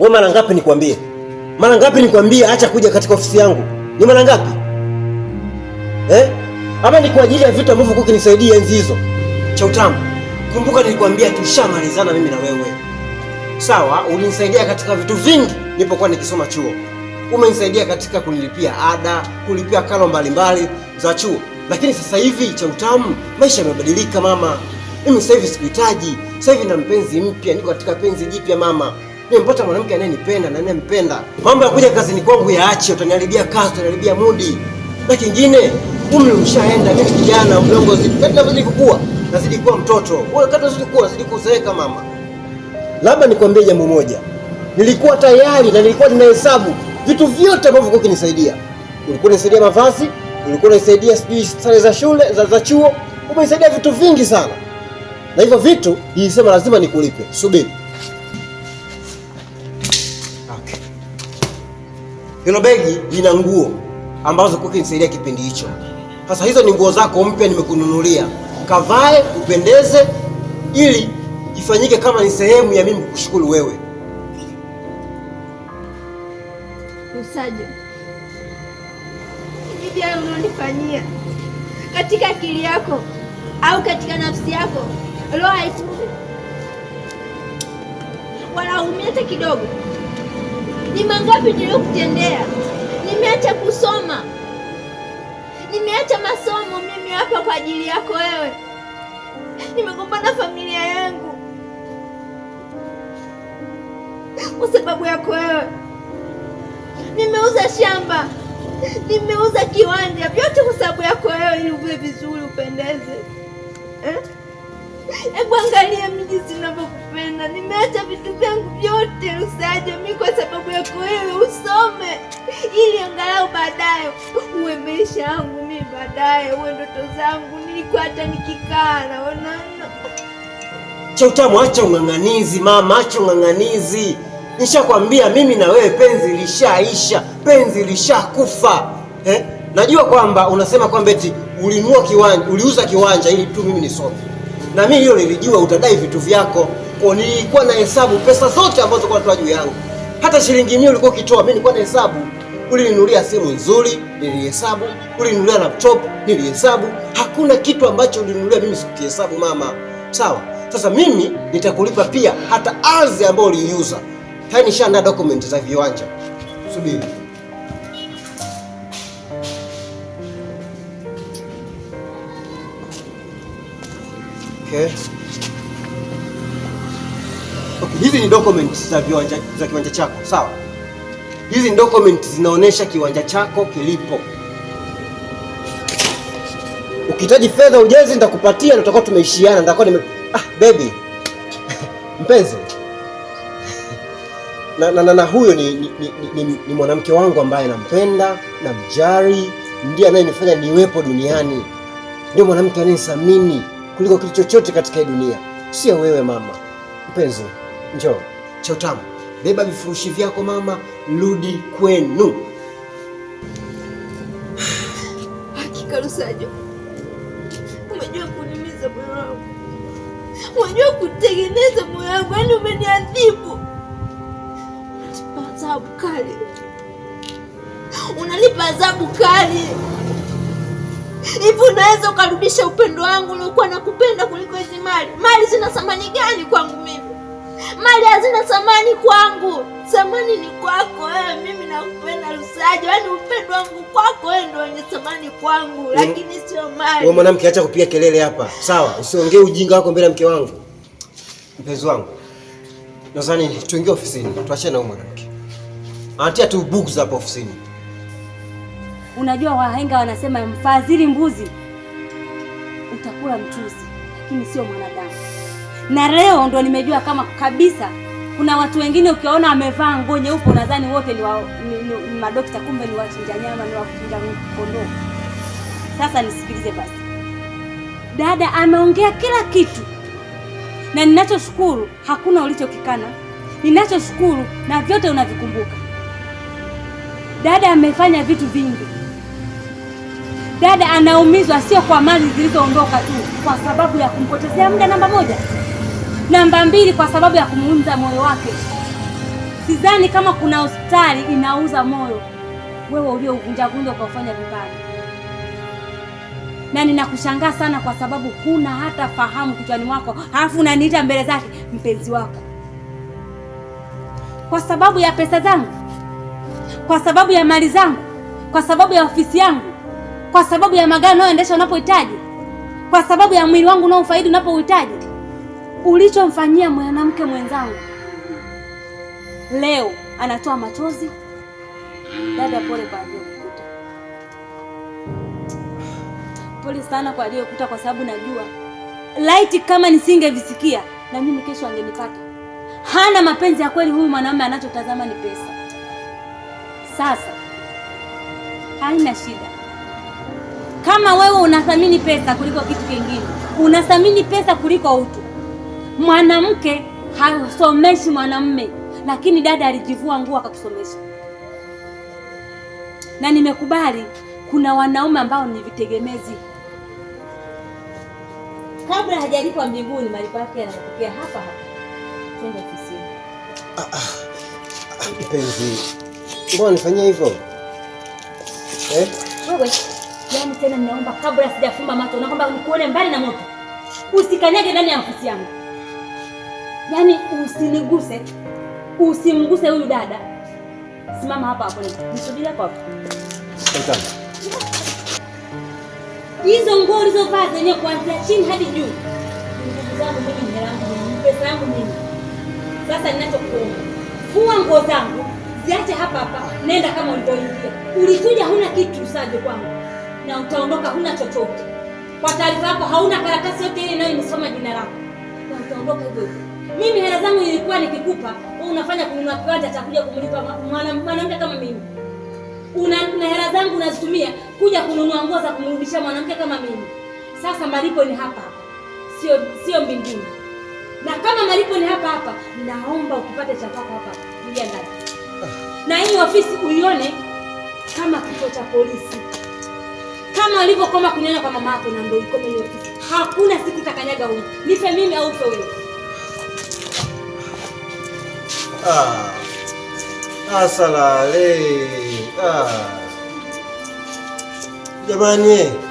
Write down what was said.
Wewe mara ngapi nikwambie? Mara ngapi nikwambie acha kuja katika ofisi yangu? Ni mara ngapi? Eh? Ama ni kwa ajili ya vitu ambavyo kukinisaidia enzi hizo. Cha utamu. Kumbuka nilikwambia tushamalizana mimi na wewe. Sawa, ulinisaidia katika vitu vingi nilipokuwa nikisoma chuo. Umenisaidia katika kunilipia ada, kulipia karo mbalimbali za chuo. Lakini sasa hivi cha utamu, maisha yamebadilika mama. Mimi sasa hivi sikuhitaji. Sasa hivi na mpenzi mpya, niko katika penzi jipya mama nimepata mwanamke anayenipenda na anayempenda. Mambo ya kuja kazini kwangu yaache, utaniharibia kazi, utaniharibia mudi. Na kingine, umri umeshaenda, mimi kijana zidi. Kati na nazidi kukua nazidi kuwa mtoto, kadri nazidi kukua, nazidi kuzeeka. Mama, labda nikwambie jambo moja, nilikuwa tayari na nilikuwa ninahesabu vitu vyote ambavyo ulikuwa ukinisaidia. Ulikuwa unisaidia mavazi, ulikuwa unisaidia sijui sare za shule za, za chuo, umenisaidia vitu vingi sana, na hivyo vitu nilisema lazima nikulipe. Subiri. Okay. Hilo begi lina nguo ambazo kukinisaidia kipindi hicho. Sasa hizo ni nguo zako mpya nimekununulia, kavae upendeze, ili ifanyike kama ni sehemu ya mimi kukushukuru wewe. Usaje ijidia ulionifanyia katika akili yako au katika nafsi yako, roho haitumi wala umia hata kidogo. Ni mangapi niliyokutendea? Nimeacha kusoma, nimeacha masomo mimi hapa kwa ajili yako wewe. Nimegombana familia yangu kwa sababu yako wewe. Nimeuza shamba, nimeuza kiwanja, vyote kwa sababu yako wewe, ili uwe vizuri, upendeze eh? Hebu angalia mimi jinsi ninavyokupenda. Nimeacha vitu vyangu baadaye uwe maisha yangu mimi, baadaye uwe ndoto zangu. Nilikuwa hata nikikaa naona cha utamu. Acha ung'ang'anizi mama, acha ung'ang'anizi. Nishakwambia mimi na wewe penzi lishaisha, penzi lishakufa eh? Najua kwamba unasema kwamba eti ulinunua kiwanja, uliuza kiwanja ili tu mimi nisome, na mimi hilo nilijua utadai vitu vyako. Kwa nilikuwa na hesabu pesa zote ambazo kwa watu juu yangu, hata shilingi mia ulikuwa ukitoa, mimi nilikuwa na hesabu ulininulia simu nzuri, nilihesabu. Ulininulia laptop, nilihesabu. Hakuna kitu ambacho ulininulia mimi sikihesabu mama. Sawa, sasa mimi nitakulipa pia hata ardhi ambayo uliiuza. Tayari nishaandaa dokumenti za viwanja. Subiri. Okay. Okay, hizi ni dokumenti za viwanja za kiwanja chako, sawa? Hizi document zinaonyesha kiwanja chako kilipo. Ukihitaji fedha ujenzi, nitakupatia na tutakuwa tumeishiana. Nitakuwa nime ah, baby mpenzi na, na, na, na huyo ni, ni, ni, ni, ni mwanamke wangu ambaye nampenda na mjari, ndiye anayenifanya niwepo duniani, ndio mwanamke anayenisamini kuliko kitu chochote katika hii dunia, sio wewe mama. Mpenzi, njoo cha beba vifurushi vyako mama, rudi kwenu. Hakika Lusajo, umejua kunimiza moyo wangu, umejua kutengeneza moyo wangu, yaani umeniadhibu, unalipa adhabu kali, unalipa adhabu kali. Hivi unaweza ukarudisha upendo wangu uliokuwa nakupenda kuliko hizi mali? Mali zina thamani gani kwangu mimi? kweli hazina thamani kwangu, thamani ni kwako wewe. Mimi nakupenda Rusaji, yaani upendo wangu kwako wewe ndio wenye thamani kwangu, mm. lakini sio mali. Wewe mwanamke, acha kupiga kelele hapa sawa, usiongee ujinga wako mbele ya mke wangu. Mpenzi wangu, nadhani tuingie ofisini, tuachane na huyu mwanamke, anatia tu bugs hapa ofisini. Unajua wahenga wanasema mfadhili mbuzi utakula mchuzi, lakini sio mwanadamu na leo ndo nimejua kama kabisa kuna watu wengine ukiwaona amevaa nguo nyeupe nadhani wote ni, ni, ni, ni madokta, kumbe ni wachinja nyama, ni wachinja kondoo. Sasa nisikilize basi, dada ameongea kila kitu, na ninachoshukuru hakuna ulichokikana, ninachoshukuru na vyote unavikumbuka. Dada amefanya vitu vingi. Dada anaumizwa sio kwa mali zilizoondoka tu, kwa sababu ya kumpotezea muda namba moja Namba mbili, kwa sababu ya kumuunza moyo wake. Sidhani kama kuna hospitali inauza moyo, wewe uliouvunjavunja ukaufanya vibaya. Na ninakushangaa sana kwa sababu huna hata fahamu kichwani mwako, halafu unaniita mbele zake mpenzi wako. Kwa sababu ya pesa zangu, kwa sababu ya mali zangu, kwa sababu ya ofisi yangu, kwa sababu ya magari unayoendesha unapohitaji, kwa sababu ya mwili wangu unaofaidi unapohitaji Ulichomfanyia mwanamke mwenzangu leo anatoa machozi. Dada, pole kwa aliyokukuta, pole sana kwa aliyokuta, kwa sababu najua laiti kama nisingevisikia na mimi kesho angenipata. Hana mapenzi ya kweli huyu mwanaume anachotazama ni pesa. Sasa haina shida, kama wewe unathamini pesa kuliko kitu kingine, unathamini pesa kuliko utu Mwanamke hasomeshi mwanamme, lakini dada alijivua nguo akakusomesha. Na nimekubali kuna wanaume ambao ni vitegemezi. Kabla hajalipwa mbinguni, malipo yake yanatokea hapa hapa. Ah, ah, mpenzi, mbona nifanyia hivyo eh? Wewe yani, tena ninaomba kabla sijafumba macho, naomba nikuone mbali na moto, usikanyage ndani ya ofisi yangu yani usiniguse, usimguse huyu dada. Simama hapa hapo, nisubiri hapo hapo. Hizo nguo ulizovaa zenyewe kuanzia chini hadi juu, ndugu zangu mimi, ni yangu pesa yangu mimi. Sasa ninachokuomba, fua nguo zangu, ziache hapa hapa, nenda kama ulivyoingia. Ulikuja huna kitu usaje kwangu, na utaondoka huna chochote. Kwa taarifa yako, hauna karatasi yote ile inayonisoma jina lako, na utaondoka hivyo hivyo. Mimi hela zangu nilikuwa nikikupa, unafanya kununua kiwanja cha kuja kumlipa mwanamke kama mimi. Una na hela zangu unazitumia kuja kununua nguo za kumrudisha mwanamke kama mimi. Sasa malipo ni hapa hapa, sio sio mbinguni. Na kama malipo ni hapa hapa, naomba ukipate cha kwako hapa kuja ndani, na hii ofisi uione kama kituo cha polisi, kama alivyokoma kuniona kwa mama yako, na ndio iko hiyo Hakuna siku takanyaga huko, nife mimi au ufe wewe ah, asalale ah, ah, jamani.